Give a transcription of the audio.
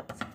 So